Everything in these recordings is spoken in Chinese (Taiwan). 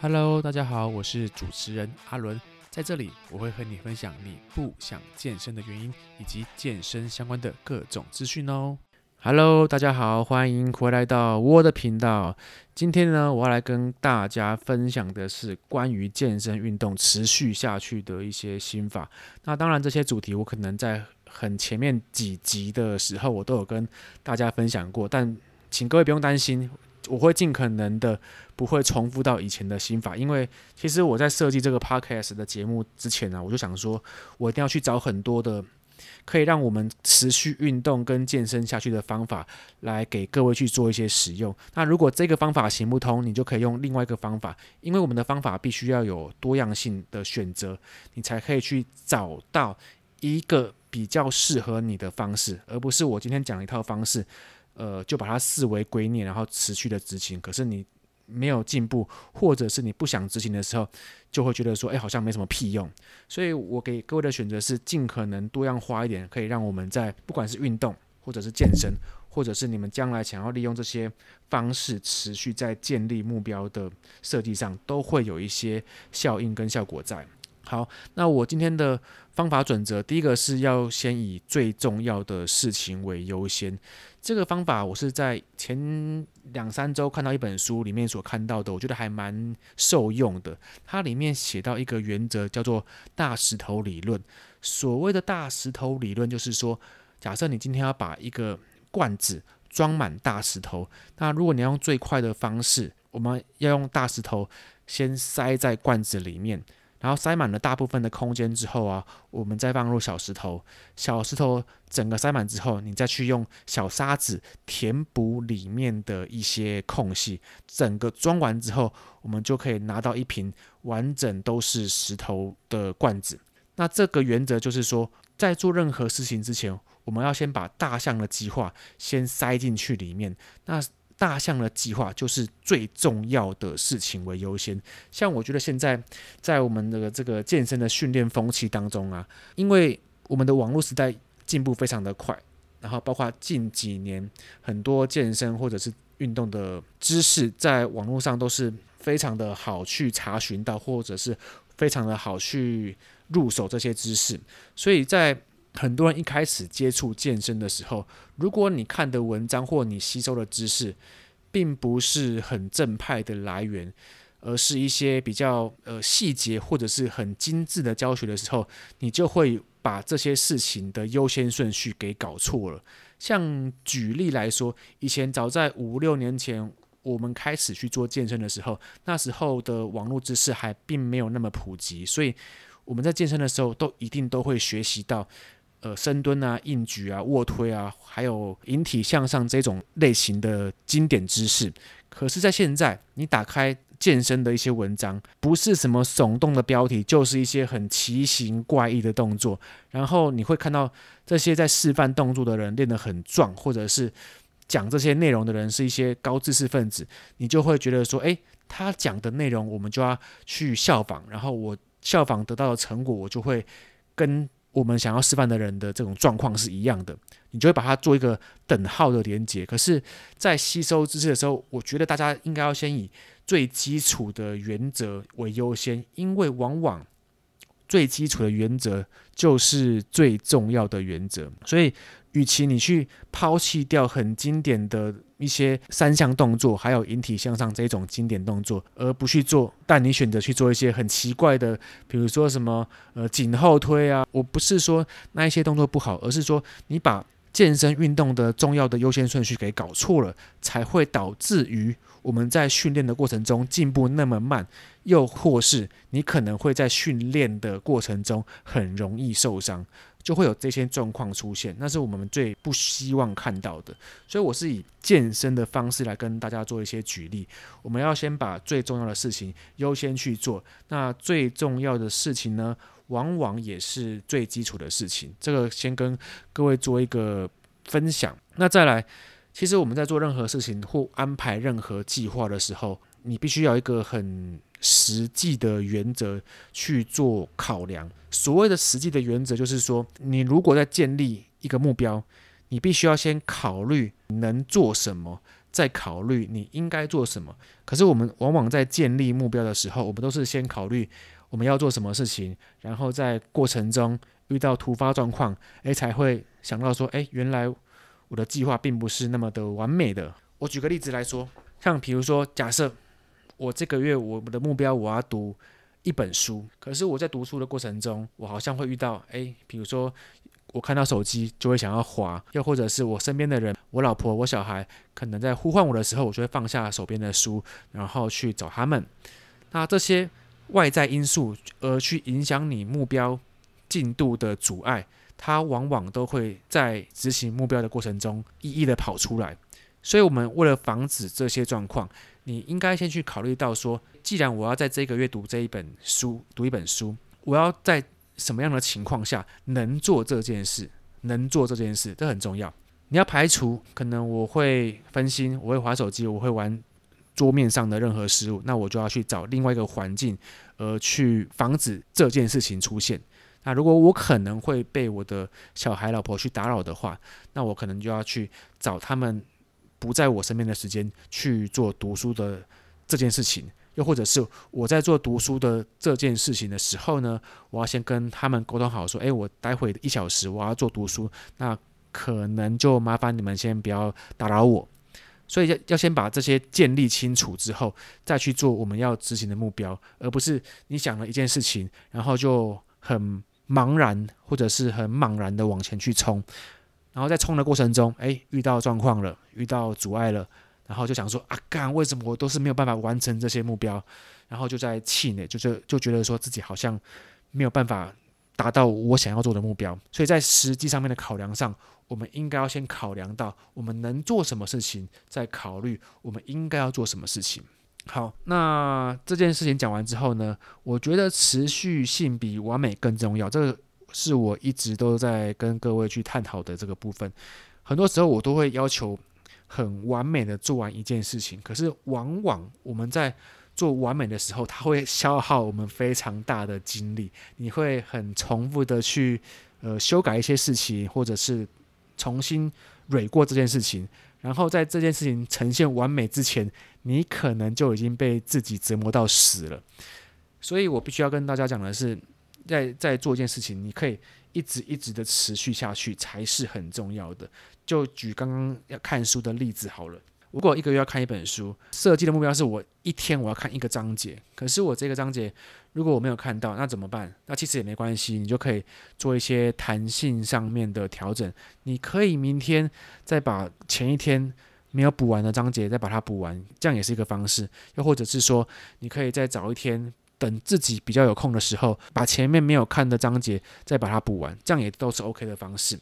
Hello，大家好，我是主持人阿倫，在這裡我會和你分享你不想健身的原因，以及健身相關的各種資訊哦。Hello，大家好，歡迎回來到我的頻道。今天呢，我要來跟大家分享的是關於健身運動持續下去的一些心法。那當然，這些主題我可能在很前面幾集的時候我都有跟大家分享過，但請各位不用擔心。我會盡可能的不會重複到以前的心法，因為其實我在設計這個 podcast 的節目之前呢，啊，我就想說，我一定要去找很多的可以讓我們持續運動跟健身下去的方法，來給各位去做一些使用。那如果這個方法行不通，你就可以用另外一個方法，因為我們的方法必須要有多樣性的選擇，你才可以去找到一個比較適合你的方式，而不是我今天講一套方式。呃，就把它視為觀念，然後持續的執行。可是你沒有進步，或者是你不想執行的時候，就會覺得說，哎，好像沒什麼屁用。所以我給各位的選擇是，盡可能多樣化一點，可以讓我們在不管是運動，或者是健身，或者是你們將來想要利用這些方式持續在建立目標的設計上，都會有一些效應跟效果在。好，那我今天的方法準則，第一個是要先以最重要的事情為優先。這個方法我是在前兩三週看到一本書裡面所看到的，我覺得還蠻受用的。它裡面寫到一個原則，叫做大石頭理論。所謂的大石頭理論，就是說，假設你今天要把一個罐子裝滿大石頭，那如果你要用最快的方式，我們要用大石頭先塞在罐子裡面。然後塞滿了大部分的空間之後啊，我們再放入小石頭，小石頭整個塞滿之後，你再去用小沙子填補裡面的一些空隙，整個裝完之後，我們就可以拿到一瓶完整都是石頭的罐子。那這個原則就是說，在做任何事情之前，我們要先把大象的計劃先塞進去裡面。那大象的計劃就是最重要的事情為優先。像我覺得現在在我們的這個健身的訓練風氣當中啊，因為我們的網絡時代進步非常的快，然後包括近幾年很多健身或者是運動的知識，在網絡上都是非常的好去查詢到，或者是非常的好去入手這些知識，所以在。很多人一開始接觸健身的時候，如果你看的文章或你吸收的知識，並不是很正派的來源，而是一些比較呃細節或者是很精致的教學的時候，你就會把這些事情的優先順序給搞錯了。像舉例來說，以前早在五六年前，我們開始去做健身的時候，那時候的網絡知識還並沒有那麼普及，所以我們在健身的時候都一定都會學習到。呃，深蹲啊，硬舉啊，臥推啊，還有引體向上這種類型的經典姿勢。可是，在現在，你打開健身的一些文章，不是什麼聳動的標題，就是一些很奇形怪異的動作。然後，你會看到這些在示範動作的人練得很壯，或者是講這些內容的人是一些高知識分子，你就會覺得說，誒，他講的內容我們就要去效仿。然後，我效仿得到的成果，我就會跟。我們想要示範的人的這種狀況是一樣的，你就會把它做一個等號的連接。可是，在吸收知識的時候，我覺得大家應該要先以最基礎的原則為優先，因為往往最基礎的原則就是最重要的原則，所以，與其你去拋棄掉很經典的一些三項動作，還有引體向上這種經典動作，而不去做，但你選擇去做一些很奇怪的，比如說什麼呃頸後推啊，我不是說那一些動作不好，而是說你把健身運動的重要的優先順序給搞錯了，才會導致於我們在訓練的過程中進步那麼慢，又或是你可能會在訓練的過程中很容易受傷。就會有這些狀況出現，那是我們最不希望看到的。所以我是以健身的方式來跟大家做一些舉例。我們要先把最重要的事情優先去做。那最重要的事情呢，往往也是最基礎的事情。這個先跟各位做一個分享。那再來，其實我們在做任何事情或安排任何計劃的時候，你必須要一個很實際的原則去做考量。所謂的實際的原則，就是說，你如果在建立一個目標，你必須要先考慮能做什麼，再考慮你應該做什麼。可是我們往往在建立目標的時候，我們都是先考慮我們要做什麼事情，然後在過程中遇到突發狀況，哎，誒才會想到說，哎，誒原來我的計劃並不是那麼的完美的。我舉個例子來說，像比如說，假設。我這個月我們的目標，我要讀一本書。可是我在讀書的過程中，我好像會遇到，誒，比如說我看到手機就會想要滑，又或者是我身邊的人，我老婆、我小孩可能在呼喚我的時候，我就會放下手邊的書，然後去找他們。那這些外在因素而去影響你目標進度的阻礙，它往往都會在執行目標的過程中一一的跑出來。所以，我們為了防止這些狀況。你應該先去考慮到說，既然我要在這個月讀這一本書，讀一本書，我要在什麼樣的情況下能做這件事，能做這件事，這很重要。你要排除可能我會分心，我會滑手機，我會玩桌面上的任何事物，那我就要去找另外一個環境，而去防止這件事情出現。那如果我可能會被我的小孩、老婆去打擾的話，那我可能就要去找他們。不在我身邊的時間去做讀書的這件事情，又或者是我在做讀書的這件事情的時候呢，我要先跟他們溝通好，說：“欸，我待會一小時我要做讀書，那可能就麻煩你們先不要打擾我。”所以要要先把這些建立清楚之後，再去做我們要執行的目標，而不是你想了一件事情，然後就很茫然或者是很茫然的往前去衝。然後在衝的過程中，誒、哎，遇到狀況了，遇到阻礙了，然後就想說啊，幹，為什麼我都是沒有辦法完成這些目標？然後就在氣餒，就是就，就覺得說自己好像沒有辦法達到我想要做的目標。所以在實際上面的考量上，我們應該要先考量到我們能做什麼事情，再考慮我們應該要做什麼事情。好，那這件事情講完之後呢，我覺得持續性比完美更重要。這個。是我一直都在跟各位去探討的這個部分，很多時候我都會要求很完美的做完一件事情，可是往往我們在做完美的時候，它會消耗我們非常大的精力，你會很重複的去呃修改一些事情，或者是重新蕊過這件事情，然後在這件事情呈現完美之前，你可能就已經被自己折磨到死了，所以我必須要跟大家講的是，在在做一件事情，你可以一直一直的持續下去才是很重要的。就舉剛剛要看書的例子好了。如果一個月要看一本書，設計的目標是我一天我要看一個章節。可是我這個章節如果我沒有看到，那怎麼辦？那其實也沒關係，你就可以做一些彈性上面的調整。你可以明天再把前一天沒有補完的章節再把它補完，這樣也是一個方式。又或者是說，你可以再找一天。等自己比較有空的時候，把前面沒有看的章節再把它補完，這樣也都是 OK 的方式。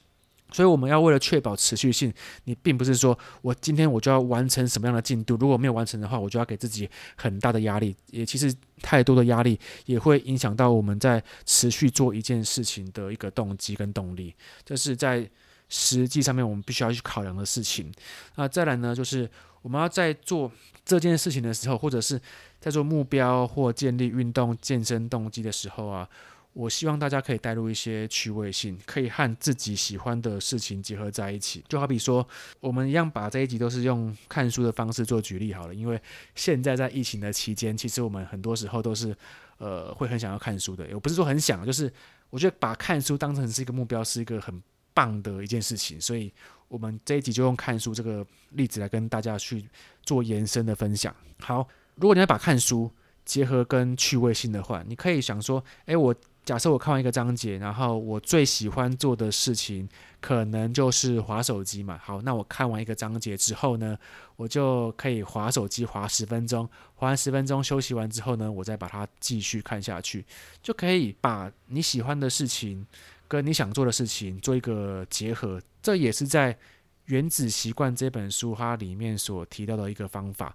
所以我們要為了確保持續性，你並不是說我今天我就要完成什麼樣的進度，如果沒有完成的話，我就要給自己很大的壓力。也其實太多的壓力也會影響到我們在持續做一件事情的一個動機跟動力。這是在實際上面我們必須要去考量的事情。那再來呢，就是。我們要在做這件事情的時候，或者是在做目標或建立運動健身動機的時候啊，我希望大家可以帶入一些趣味性，可以和自己喜歡的事情結合在一起。就好比說，我們一樣把這一集都是用看書的方式做舉例好了，因為現在在疫情的期間，其實我們很多時候都是，呃，會很想要看書的。我不是說很想，就是我覺得把看書當成是一個目標，是一個很棒的一件事情，所以。我們這一集就用看書這個例子來跟大家去做延伸的分享。好，如果你要把看書結合跟趣味性的話，你可以想說：哎，我假設我看完一個章節，然後我最喜歡做的事情可能就是滑手機嘛。好，那我看完一個章節之後呢，我就可以滑手機滑十分鐘，滑完十分鐘休息完之後呢，我再把它繼續看下去，就可以把你喜歡的事情。跟你想做的事情做一個結合，這也是在《原子習慣》這本書它裡面所提到的一個方法，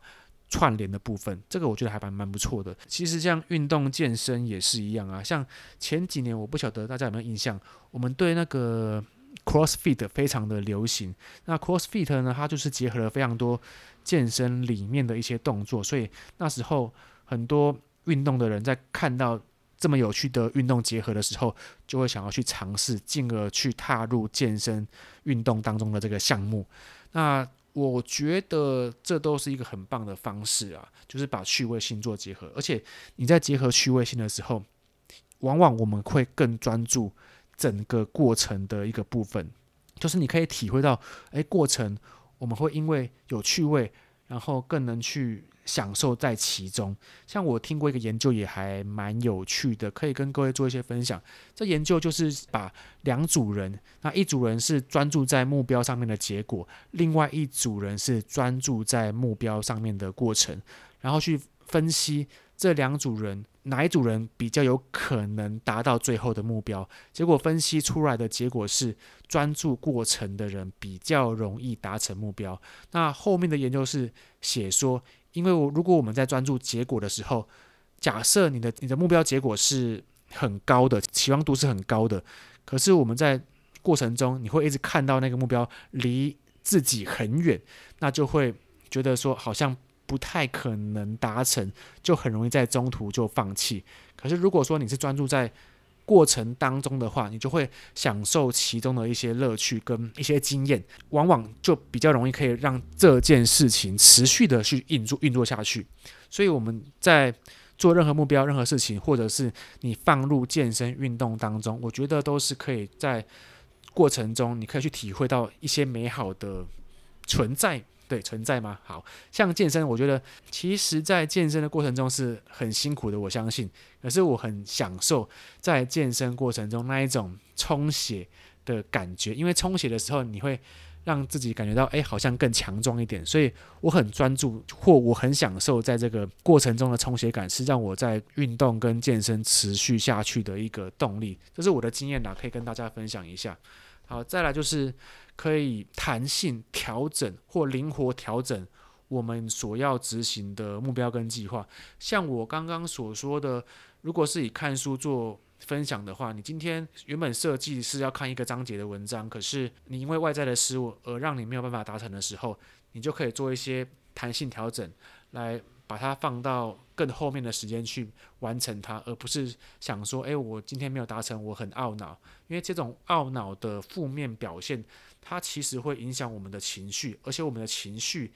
串聯的部分。這個我覺得還蠻蠻不錯的。其實像運動健身也是一樣啊，像前幾年我不曉得大家有沒有印象，我們對那個 CrossFit 非常的流行。那 CrossFit 呢，它就是結合了非常多健身裡面的一些動作，所以那時候很多運動的人在看到。這麼有趣的運動結合的時候，就會想要去嘗試，進而去踏入健身運動當中的這個項目。那我覺得這都是一個很棒的方式啊，就是把趣味性做結合。而且你在結合趣味性的時候，往往我們會更專注整個過程的一個部分，就是你可以體會到，哎，過程我們會因為有趣味，然後更能去。享受在其中，像我聽過一個研究也還蠻有趣的，可以跟各位做一些分享。這研究就是把兩組人，那一組人是專注在目標上面的結果，另外一組人是專注在目標上面的過程，然後去分析這兩組人哪一組人比較有可能達到最後的目標。結果分析出來的結果是專注過程的人比較容易達成目標。那後面的研究是寫說。因為如果我們在專注結果的時候，假設你的你的目標結果是很高的，期望度是很高的，可是我們在過程中，你會一直看到那個目標離自己很遠，那就會覺得說好像不太可能達成，就很容易在中途就放棄。可是如果說你是專注在過程當中的話，你就會享受其中的一些樂趣跟一些經驗，往往就比較容易可以讓這件事情持續的去運作運作下去。所以我們在做任何目標、任何事情，或者是你放入健身運動當中，我覺得都是可以在過程中你可以去體會到一些美好的存在。對，存在嗎？好像健身，我覺得其實在健身的過程中是很辛苦的。我相信，可是我很享受在健身過程中那一種充血的感覺，因為充血的時候你會讓自己感覺到，誒，好像更強壯一點。所以我很專注，或我很享受在這個過程中的充血感，是讓我在運動跟健身持續下去的一個動力。這是我的經驗啦，可以跟大家分享一下。好，再來就是。可以彈性調整或靈活調整我們所要執行的目標跟計劃。像我剛剛所說的，如果是以看書做分享的話，你今天原本設計是要看一個章節的文章，可是你因為外在的失誤而讓你沒有辦法達成的時候，你就可以做一些彈性調整，來把它放到更後面的時間去完成它，而不是想說，哎，我今天沒有達成，我很懊惱，因為這種懊惱的負面表現。它其實會影響我們的情緒，而且我們的情緒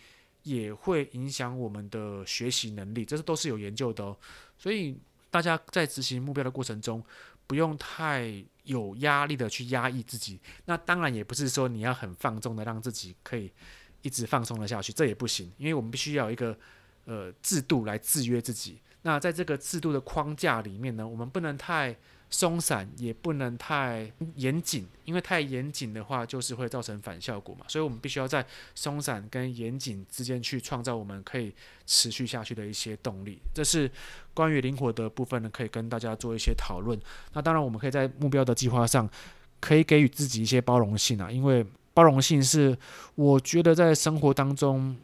也會影響我們的學習能力，這是都是有研究的哦。所以大家在執行目標的過程中，不用太有壓力的去壓抑自己。那當然也不是說你要很放縱的讓自己可以一直放鬆的下去，這也不行，因為我們必須要有一個呃制度來制約自己。那在這個制度的框架裡面呢，我們不能太。鬆散也不能太嚴謹，因為太嚴謹的話就是會造成反效果嘛。所以我們必須要在鬆散跟嚴謹之間去創造我們可以持續下去的一些動力。這是關於靈活的部分呢，可以跟大家做一些討論。那當然，我們可以在目標的計劃上可以給予自己一些包容性啊，因為包容性是我覺得在生活當中。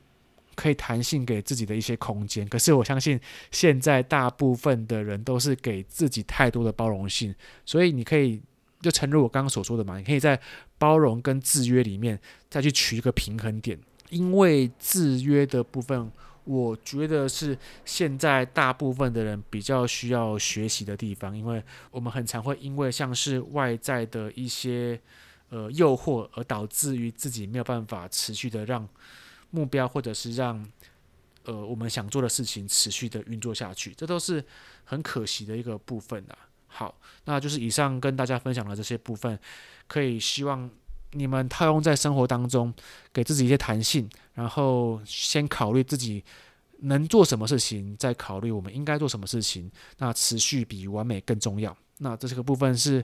可以彈性給自己的一些空間，可是我相信現在大部分的人都是給自己太多的包容性，所以你可以就誠如我剛剛所說的嘛，你可以在包容跟制約裡面再去取一個平衡點，因為制約的部分，我覺得是現在大部分的人比較需要學習的地方，因為我們很常會因為像是外在的一些呃誘惑，而導致於自己沒有辦法持續的讓。目標，或者是讓呃我們想做的事情持續的運作下去，這都是很可惜的一個部分啊。好，那就是以上跟大家分享的這些部分，可以希望你們套用在生活當中，給自己一些彈性，然後先考慮自己。能做什麼事情，再考慮我們應該做什麼事情。那持續比完美更重要。那這是個部分是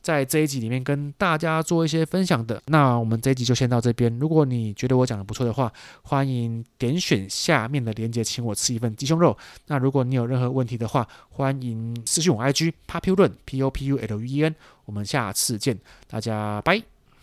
在這一集裡面跟大家做一些分享的。那我們這一集就先到這邊。如果你覺得我講得不錯的話，歡迎點選下面的連結，請我吃一份雞胸肉。那如果你有任何問題的話，歡迎私訊我 IG populuen p o p u l u e n。我們下次見，大家拜。